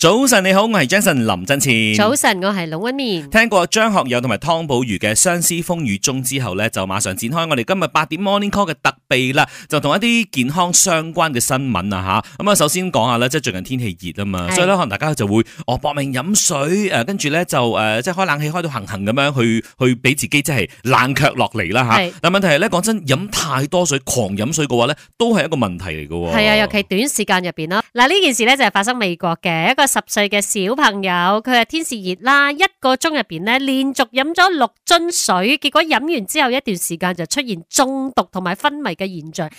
早晨你好，我係 Jason 林振慈。早晨，我係龍威面。聽過張學友同埋湯寶如嘅《相思風雨中》之後咧，就馬上展開我哋今日八點 Morning Call 嘅特備啦，就同一啲健康相關嘅新聞啊吓。咁啊，首先講下咧，即係最近天氣熱啊嘛，所以咧可能大家就會哦搏命飲水誒，跟住咧就誒即係開冷氣開到行行咁樣去去俾自己即係冷卻落嚟啦吓。但係問題係咧，講真，飲太多水、狂飲水嘅話咧，都係一個問題嚟嘅。係啊，尤其短時間入邊咯。嗱呢件事咧就係發生美國嘅一個。十歲嘅小朋友，佢係天時熱啦，一個鐘入邊咧連續飲咗六樽水，結果飲完之後一段時間就出現中毒同埋昏迷嘅現象，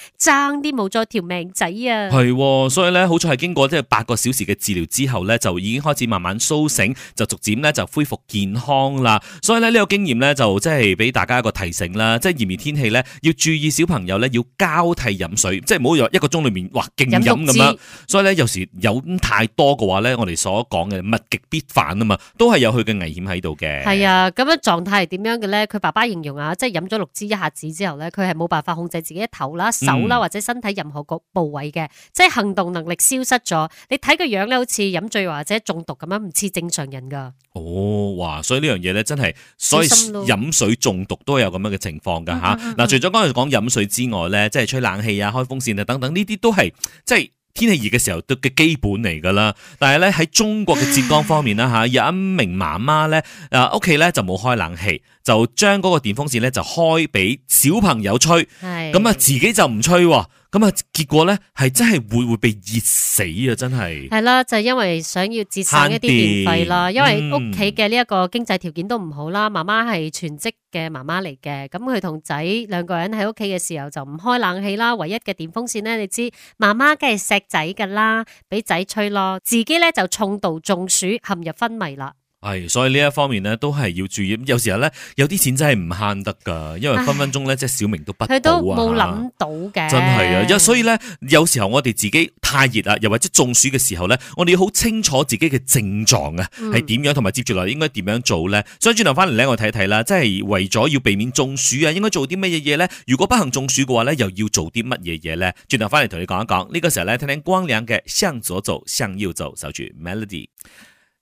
爭啲冇咗條命仔啊！係、哦，所以咧好彩係經過即係八個小時嘅治療之後咧就已經開始慢慢甦醒，就逐漸咧就恢復健康啦。所以咧呢個經驗咧就即係俾大家一個提醒啦，即係炎熱天氣咧要注意小朋友咧要交替飲水，即係唔好一個鐘裏面哇勁飲咁樣。所以咧有時飲太多嘅話咧。我哋所講嘅物極必反啊嘛，都係有佢嘅危險喺度嘅。係啊，咁樣狀態係點樣嘅咧？佢爸爸形容啊，即係飲咗六支一下子之後咧，佢係冇辦法控制自己頭啦、手啦、嗯、或者身體任何個部位嘅，即係行動能力消失咗。你睇個樣咧，好似飲醉或者中毒咁樣，唔似正常人㗎。哦，哇！所以呢樣嘢咧真係，所以飲水中毒都有咁樣嘅情況㗎吓，嗱、嗯，嗯嗯、除咗剛才講飲水之外咧，即係吹冷氣啊、開風扇啊等等呢啲都係即係。天氣熱嘅時候都嘅基本嚟噶啦，但係咧喺中國嘅浙江方面啦吓，唉 有一名媽媽咧，啊屋企咧就冇開冷氣，就將嗰個電風扇咧就開俾小朋友吹，咁啊是 自己就唔吹啊。咁啊，結果咧係真係會會被熱死啊！真係係啦，就因為想要節省一啲電費啦我聽話，因為屋企嘅呢一個經濟條件都唔好啦。媽媽係全職嘅媽媽嚟嘅，咁佢同仔兩個人喺屋企嘅時候就唔開冷氣啦，唯一嘅電風扇咧，你知媽媽梗係錫仔噶啦，俾仔吹咯，自己咧就重度中暑陷入昏迷啦。係，所以呢一方面咧，都係要注意。有時候咧，有啲錢真係唔慳得噶，因為分分鐘咧，即係唉小明都不到啊。佢都冇諗到嘅、啊，真係啊！所以咧，有時候我哋自己太熱啊，又或者中暑嘅時候咧，我哋要好清楚自己嘅症狀啊，係點樣，同埋、嗯、接住落應該點樣做咧。所以轉頭翻嚟咧，我睇睇啦，即係為咗要避免中暑啊，應該做啲乜嘢嘢咧？如果不幸中暑嘅話咧，又要做啲乜嘢嘢咧？轉頭翻嚟同你講一講呢、這個時候咧，聽聽光良嘅《向左走，向右走》守，守住 Melody。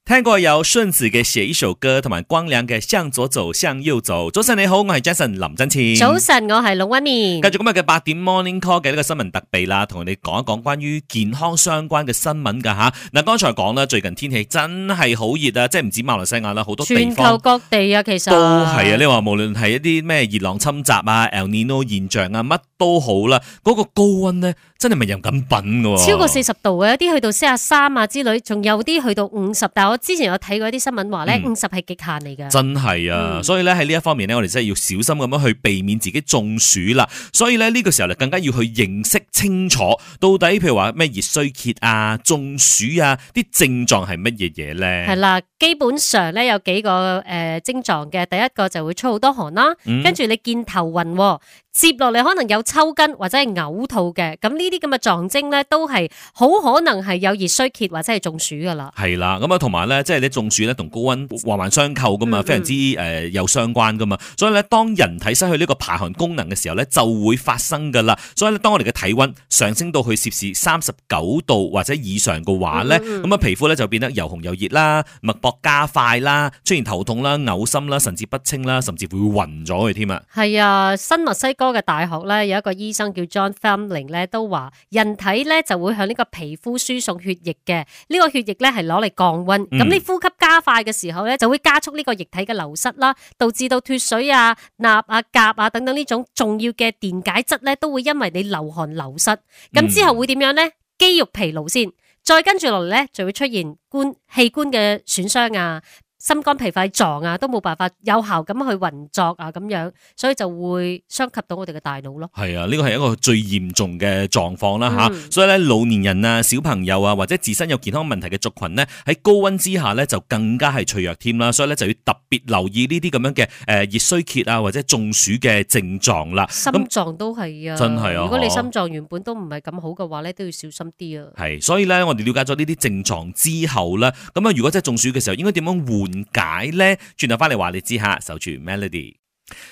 聽過有順子嘅寫一首歌，同埋光良嘅向左走向右走。早晨你好，我係 Jason 林振次。早晨，我係陸威年。繼續今日嘅八點 Morning Call 嘅呢個新聞特備啦，同你講一講關於健康相關嘅新聞噶吓。嗱，剛才講啦，最近天氣真係好熱啊，即係唔止馬來西亞啦，好多地方，全球各地啊，其實都係啊，你話無論係一啲咩熱浪侵襲啊、啊 El Nino 現象啊，乜都好啦，嗰、嗰個高溫咧真係咪係咁品嘅、啊。超過四十度嘅，有啲去到四啊三啊之類，仲有啲去到五十，之前有睇過一啲新聞話咧，五十係極限嚟嘅、嗯。真係啊，所以咧喺呢一方面咧，我哋真係要小心咁樣去避免自己中暑啦。所以咧呢個時候咧，更加要去認識清楚，到底譬如話咩熱衰竭啊、中暑啊啲症狀係乜嘢嘢咧？係啦，基本上咧有幾個誒、呃、症狀嘅。第一個就會出好多汗啦，跟住你見頭暈、啊。接落嚟可能有抽筋或者係嘔吐嘅，咁呢啲咁嘅症狀咧，都係好可能係有熱衰竭或者係中暑噶啦。係啦，咁啊同埋咧，即係你中暑咧同高溫環環相扣噶嘛，非常之誒有相關噶嘛。所以咧，當人體失去呢個排汗功能嘅時候咧，就會發生噶啦。所以咧，當我哋嘅體溫上升到去攝氏三十九度或者以上嘅話咧，咁啊，嗯嗯嗯嗯、皮膚咧就變得又紅又熱啦，脈搏加快啦，出現頭痛啦、嘔心啦、神志不清啦，甚至會暈咗佢添啊。係啊，新墨西哥。哥嘅大學咧，有一個醫生叫 John Fleming 咧，都話人體咧就會向呢個皮膚輸送血液嘅，呢、呢個血液咧係攞嚟降温。咁、嗯、你呼吸加快嘅時候咧，就會加速呢個液體嘅流失啦，導致到脱水啊、鈉啊、鉀啊等等呢種重要嘅電解質咧，都會因為你流汗流失。咁、嗯、之後會點樣咧？肌肉疲勞先，再跟住落嚟咧，就會出現官器官嘅損傷啊。心肝脾肺臟啊，都冇辦法有效咁去運作啊，咁樣，所以就會傷及到我哋嘅大腦咯。係啊，呢個係一個最嚴重嘅狀況啦，吓。所以咧，老年人啊、小朋友啊，或者自身有健康問題嘅族群咧，喺高溫之下咧，就更加係脆弱添啦。所以咧，就要特別留意呢啲咁樣嘅誒熱衰竭啊，或者中暑嘅症狀啦。心臟都係啊，真係啊！如果你心臟原本都唔係咁好嘅話咧，都要小心啲啊。係，所以咧，我哋了解咗呢啲症狀之後咧，咁啊，如果真係中暑嘅時候，應該點樣護？點解咧，轉頭翻嚟話，你知下，守住 melody。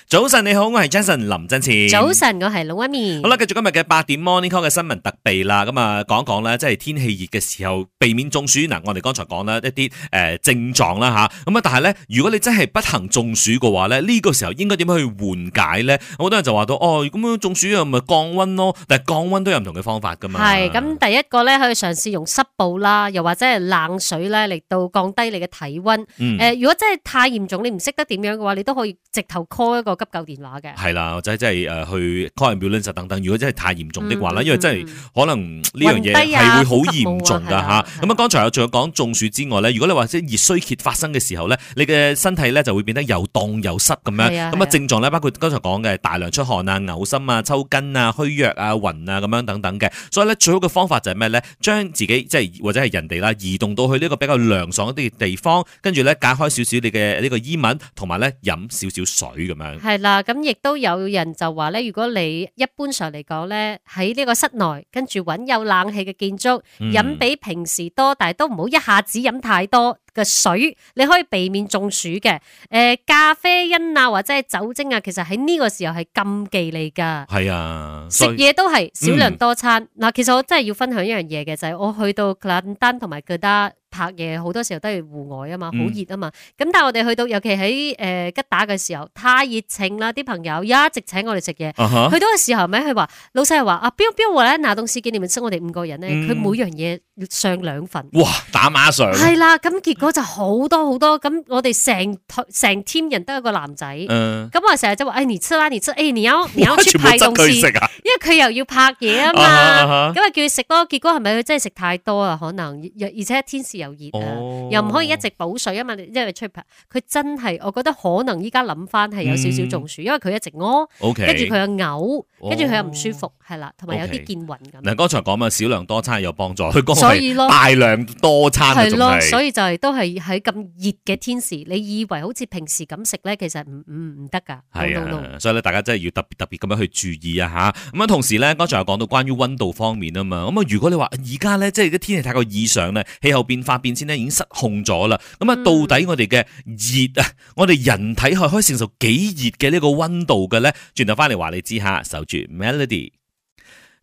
早晨你好，我係 Jason 林振前。早晨，我係老媽咪。好啦，繼續今日嘅八點 Morning Call 嘅新聞特備啦。咁、嗯、啊，講講咧，即係天氣熱嘅時候，避免中暑。嗱、嗯，我哋剛才講啦一啲誒、呃、症狀啦吓。咁啊，但係咧，如果你真係不幸中暑嘅話咧，呢、這個時候應該點樣去緩解咧？好多人就話到哦，咁、嗯、樣中暑啊，咪降温咯。但係降温都有唔同嘅方法噶嘛。係咁，第一個咧可以嘗試用濕布啦，又或者係冷水咧嚟到降低你嘅體温。誒、呃，如果真係太嚴重，你唔識得點樣嘅話，你都可以直頭多一個急救電話嘅，係啦，或者即係誒去 call ambulance 等等。如果真係太嚴重的話咧，嗯、因為真、就、係、是嗯、可能呢樣嘢係會好嚴重㗎吓。咁啊、嗯，剛才我仲有講中暑之外咧，如果你話即係熱衰竭發生嘅時候咧，你嘅身體咧就會變得又凍又濕咁的樣。咁啊，症狀咧包括剛才講嘅大量出汗啊、嘔心啊、抽筋啊、虛弱啊、暈啊咁樣等等嘅。所以咧最好嘅方法就係咩咧？將自己即係或者係人哋啦移動到去呢個比較涼爽一啲嘅地方，跟住咧解開少少你嘅呢個衣物，同埋咧飲少少水咁。係啦，咁亦都有人就話咧，如果你一般上嚟講咧，喺呢個室內，跟住搵有冷氣嘅建築，飲比平時多，但係都唔好一下子飲太多嘅水，你可以避免中暑嘅。誒，咖啡因啊，或者係酒精啊，其實喺呢個時候係禁忌嚟噶係啊，食嘢都係少量多餐。嗱，其實我真係要分享一樣嘢嘅就係，我去到吉蘭丹同埋吉打。拍嘢好多時候都係戶外啊嘛，好熱啊嘛。咁、嗯、但係我哋去到，尤其喺誒、呃、吉打嘅時候，太熱情啦！啲朋友一直請我哋食嘢。啊、哈去到嘅時候，咪佢話老細話啊，邊邊位呢？那棟司機連埋出我哋五個人咧，佢、嗯、每樣嘢要上兩份。哇！打馬上係啦，咁結果就好多好多。咁我哋成成 team 人得一個男仔，咁、啊、我成日就係話誒，你出啦、啊，你出誒、哎，你有你出派同事， 因為佢又要拍嘢啊嘛。咁啊叫佢食多。結果係咪佢真係食太多啦？可能，而且天時又。熱又唔可以一直補水啊嘛，因為 trip 佢真係，我覺得可能依家諗翻係有少少中暑，因為佢一直屙，跟住佢又嘔，跟住佢又唔舒服，係啦，同埋有啲見暈咁。嗱，剛才講啊，少量多餐有幫助，佢講係大量多餐啊，係咯，所以就係都係喺咁熱嘅天時，你以為好似平時咁食咧，其實唔唔唔得噶。係啊，所以咧，大家真係要特別特別咁樣去注意啊吓。咁啊，同時咧，剛才又講到關於溫度方面啊嘛。咁啊，如果你話而家咧，即係啲天氣太過異常咧，氣候變，發變遷咧已經失控咗啦，咁啊，到底我哋嘅熱啊，我哋人體係可以承受幾熱嘅呢個温度嘅咧？轉頭翻嚟話你知下，守住 Melody。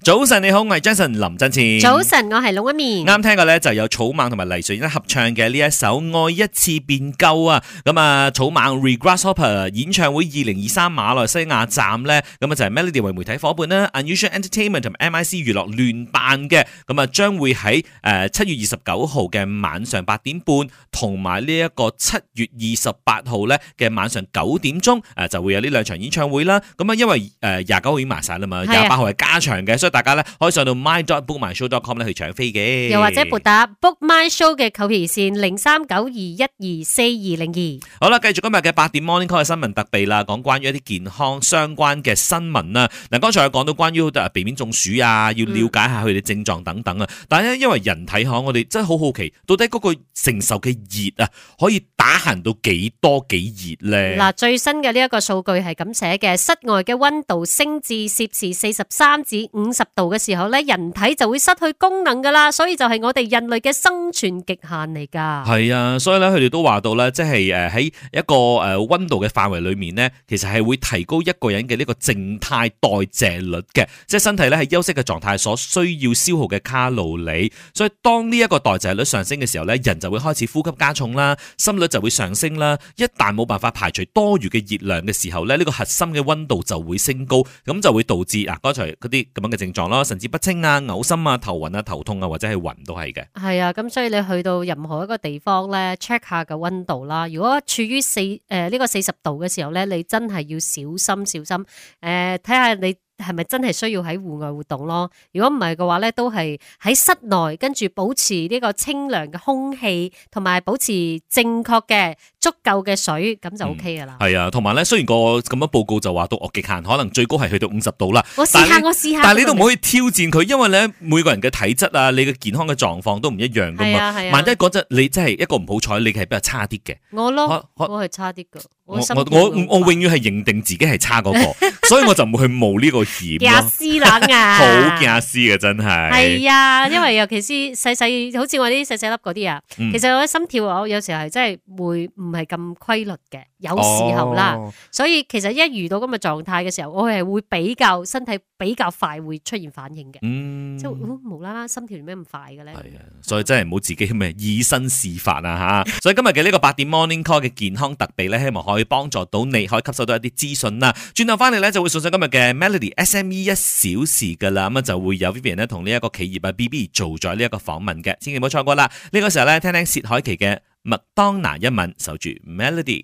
早晨你好，我係 Jason 林振前。早晨，我係龍一面。啱聽過咧，就有草蜢同埋黎瑞恩合唱嘅呢一首《愛一次便夠》啊。咁啊，草蜢 Regrasshopper 演唱會二零二三馬來西亞站咧，咁啊就係、是、Melody 為媒體伙伴啦，Unusual Entertainment 同埋 M I C 娛樂聯辦嘅。咁啊，將會喺誒七月二十九號嘅晚上八點半，同埋呢一個七月二十八號咧嘅晚上九點鐘，誒就會有呢兩場演唱會啦。咁啊，因為誒廿九號已經賣晒啦嘛，廿八號係加場嘅。的所以大家咧可以上到 mydotbookmyshow.com 咧去搶飛嘅，又或者撥打 bookmyshow 嘅購票熱線零三九二一二四二零二。好啦，繼續今日嘅八點 Morning Call 嘅新聞特備啦，講關於一啲健康相關嘅新聞啦。嗱，剛才我講到關於避免中暑啊，要了解下佢哋症狀等等啊。但係咧，因為人體嗬，我哋真係好好奇，到底嗰個承受嘅熱啊，可以打行到幾多幾熱咧？嗱，最新嘅呢一個數據係咁寫嘅，室外嘅溫度升至攝氏四十三至五。十度嘅時候咧，人體就會失去功能噶啦，所以就係我哋人類嘅生存極限嚟噶。係啊，所以咧，佢哋都話到咧，即係誒喺一個誒温度嘅範圍裏面咧，其實係會提高一個人嘅呢個靜態代謝率嘅，即係身體咧喺休息嘅狀態所需要消耗嘅卡路里。所以當呢一個代謝率上升嘅時候咧，人就會開始呼吸加重啦，心率就會上升啦。一旦冇辦法排除多餘嘅熱量嘅時候咧，呢個核心嘅温度就會升高，咁就會導致嗱，剛才嗰啲咁樣嘅症。症狀咯，神志不清啊、嘔心啊、頭暈啊、頭痛啊，或者係暈都係嘅。係啊，咁所以你去到任何一個地方咧，check 下個溫度啦。如果處於四誒呢、呃呢個四十度嘅時候咧，你真係要小心小心。誒、呃，睇下你係咪真係需要喺戶外活動咯。如果唔係嘅話咧，都係喺室內，跟住保持呢個清涼嘅空氣，同埋保持正確嘅。足夠嘅水咁就 O K 噶啦。係、嗯、啊，同埋咧，雖然個咁樣報告就話到惡極限，可能最高係去到五十度啦。我試下，你我試下。但係你都唔可以挑戰佢，因為咧每個人嘅體質啊，你嘅健康嘅狀況都唔一樣噶嘛。嗯啊啊、萬一嗰陣你真係一個唔好彩，你係比較差啲嘅。我咯，我係差啲嘅。我我我，我，我永遠係認定自己係差嗰、那個， 所以我就唔會去冒呢個險咯。好驚 啊！斯 啊，真係。係啊，因為尤其是細細好似我啲細細粒嗰啲啊， 其實我心跳我有時候係真係會唔～係咁規律嘅，有時候啦，所以其實一遇到咁嘅狀態嘅時候，我係會比較身體比較快會出現反應嘅，嗯、即係無啦啦心跳點解咁快嘅咧？係啊，所以真係唔好自己咩以身試法啊吓。 所以今日嘅呢個八點 morning call 嘅健康特備咧，希望可以幫助到你，可以吸收到一啲資訊啦。轉頭翻嚟咧，就會送上今日嘅 melody SME 一小時噶啦，咁啊就會有 Vivian 咧同呢一個企業啊 BB 做咗呢一個訪問嘅，千祈唔好錯過啦。呢個時候咧，聽聽薛凱琪嘅。麥當娜一吻守住 melody。